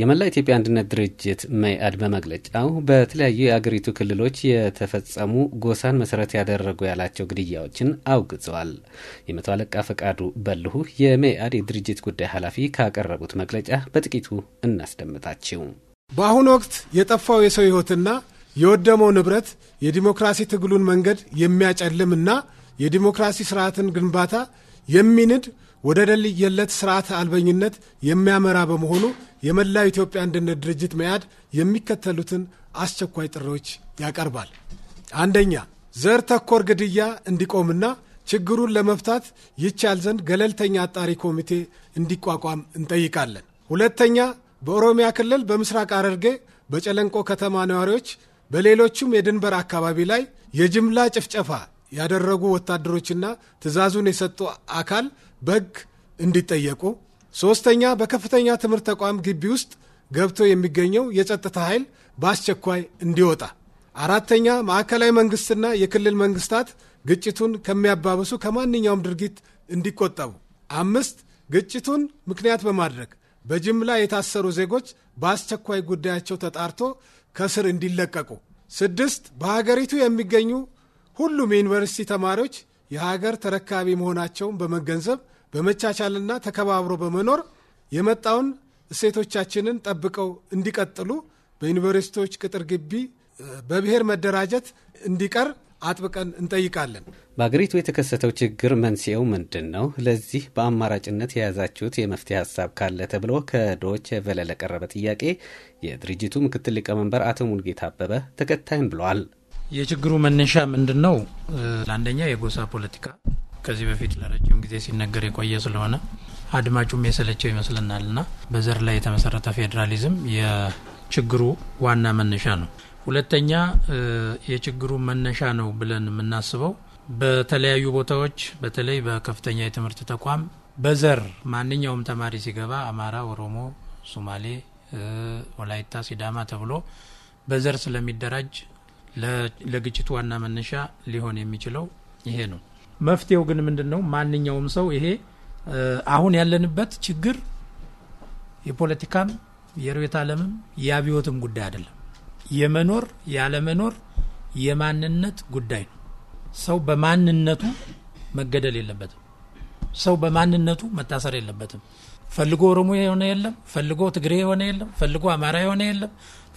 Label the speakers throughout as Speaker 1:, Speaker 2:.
Speaker 1: የመላ ኢትዮጵያ አንድነት ድርጅት መኢአድ በመግለጫው በተለያዩ የአገሪቱ ክልሎች የተፈጸሙ ጎሳን መሰረት ያደረጉ ያላቸው ግድያዎችን አውግዘዋል። የመቶ አለቃ ፈቃዱ በልሁ የመኢአድ የድርጅት ጉዳይ ኃላፊ ካቀረቡት መግለጫ በጥቂቱ እናስደምጣችው።
Speaker 2: በአሁኑ ወቅት የጠፋው የሰው ሕይወትና የወደመው ንብረት የዲሞክራሲ ትግሉን መንገድ የሚያጨልምና የዲሞክራሲ ስርዓትን ግንባታ የሚንድ ወደ ደልየለት ስርዓት አልበኝነት የሚያመራ በመሆኑ የመላው ኢትዮጵያ አንድነት ድርጅት መያድ የሚከተሉትን አስቸኳይ ጥሪዎች ያቀርባል። አንደኛ፣ ዘር ተኮር ግድያ እንዲቆምና ችግሩን ለመፍታት ይቻል ዘንድ ገለልተኛ አጣሪ ኮሚቴ እንዲቋቋም እንጠይቃለን። ሁለተኛ፣ በኦሮሚያ ክልል በምስራቅ ሐረርጌ በጨለንቆ ከተማ ነዋሪዎች በሌሎችም የድንበር አካባቢ ላይ የጅምላ ጭፍጨፋ ያደረጉ ወታደሮችና ትዕዛዙን የሰጡ አካል በሕግ እንዲጠየቁ ሶስተኛ በከፍተኛ ትምህርት ተቋም ግቢ ውስጥ ገብቶ የሚገኘው የጸጥታ ኃይል በአስቸኳይ እንዲወጣ፣ አራተኛ ማዕከላዊ መንግስትና የክልል መንግስታት ግጭቱን ከሚያባብሱ ከማንኛውም ድርጊት እንዲቆጠቡ፣ አምስት ግጭቱን ምክንያት በማድረግ በጅምላ የታሰሩ ዜጎች በአስቸኳይ ጉዳያቸው ተጣርቶ ከስር እንዲለቀቁ፣ ስድስት በሀገሪቱ የሚገኙ ሁሉም የዩኒቨርሲቲ ተማሪዎች የሀገር ተረካቢ መሆናቸውን በመገንዘብ በመቻቻልና ተከባብሮ በመኖር የመጣውን እሴቶቻችንን ጠብቀው እንዲቀጥሉ በዩኒቨርሲቲዎች ቅጥር ግቢ በብሔር መደራጀት እንዲቀር አጥብቀን እንጠይቃለን።
Speaker 1: በአገሪቱ የተከሰተው ችግር መንስኤው ምንድን ነው? ለዚህ በአማራጭነት የያዛችሁት የመፍትሄ ሀሳብ ካለ ተብሎ ከዶች ቨለ ለቀረበ ጥያቄ የድርጅቱ ምክትል ሊቀመንበር አቶ ሙልጌታ አበበ ተከታይም ብለዋል።
Speaker 3: የችግሩ መነሻ ምንድን ነው? አንደኛ የጎሳ ፖለቲካ ከዚህ በፊት ለረጅም ጊዜ ሲነገር የቆየ ስለሆነ አድማጩም የሰለቸው ይመስለናል ና በዘር ላይ የተመሰረተ ፌዴራሊዝም የችግሩ ዋና መነሻ ነው። ሁለተኛ የችግሩ መነሻ ነው ብለን የምናስበው በተለያዩ ቦታዎች በተለይ በከፍተኛ የትምህርት ተቋም በዘር ማንኛውም ተማሪ ሲገባ አማራ፣ ኦሮሞ፣ ሶማሌ፣ ወላይታ፣ ሲዳማ ተብሎ በዘር ስለሚደራጅ ለግጭቱ ዋና መነሻ ሊሆን የሚችለው ይሄ ነው። መፍትሄው ግን ምንድን ነው? ማንኛውም ሰው ይሄ አሁን ያለንበት ችግር የፖለቲካም የርዕዮተ ዓለምም የአብዮትም ጉዳይ አይደለም። የመኖር ያለመኖር የማንነት ጉዳይ ነው። ሰው በማንነቱ መገደል የለበትም። ሰው በማንነቱ መታሰር የለበትም። ፈልጎ ኦሮሞ የሆነ የለም፣ ፈልጎ ትግሬ የሆነ የለም፣ ፈልጎ አማራ የሆነ የለም፣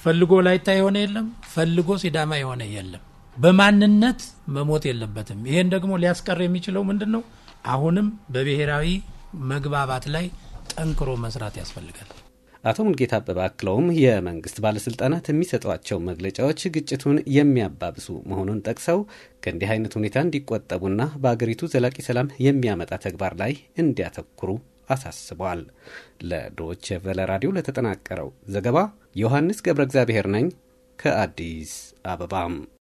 Speaker 3: ፈልጎ ላይታ የሆነ የለም፣ ፈልጎ ሲዳማ የሆነ የለም። በማንነት መሞት የለበትም። ይሄን ደግሞ ሊያስቀር የሚችለው ምንድን ነው? አሁንም በብሔራዊ መግባባት ላይ ጠንክሮ መስራት ያስፈልጋል።
Speaker 1: አቶ ሙልጌታ አበበ አክለውም የመንግስት ባለስልጣናት የሚሰጧቸው መግለጫዎች ግጭቱን የሚያባብሱ መሆኑን ጠቅሰው ከእንዲህ አይነት ሁኔታ እንዲቆጠቡና በአገሪቱ ዘላቂ ሰላም የሚያመጣ ተግባር ላይ እንዲያተኩሩ አሳስበዋል። ለዶች ቨለ ራዲዮ ለተጠናቀረው ዘገባ ዮሐንስ ገብረ እግዚአብሔር ነኝ ከአዲስ አበባም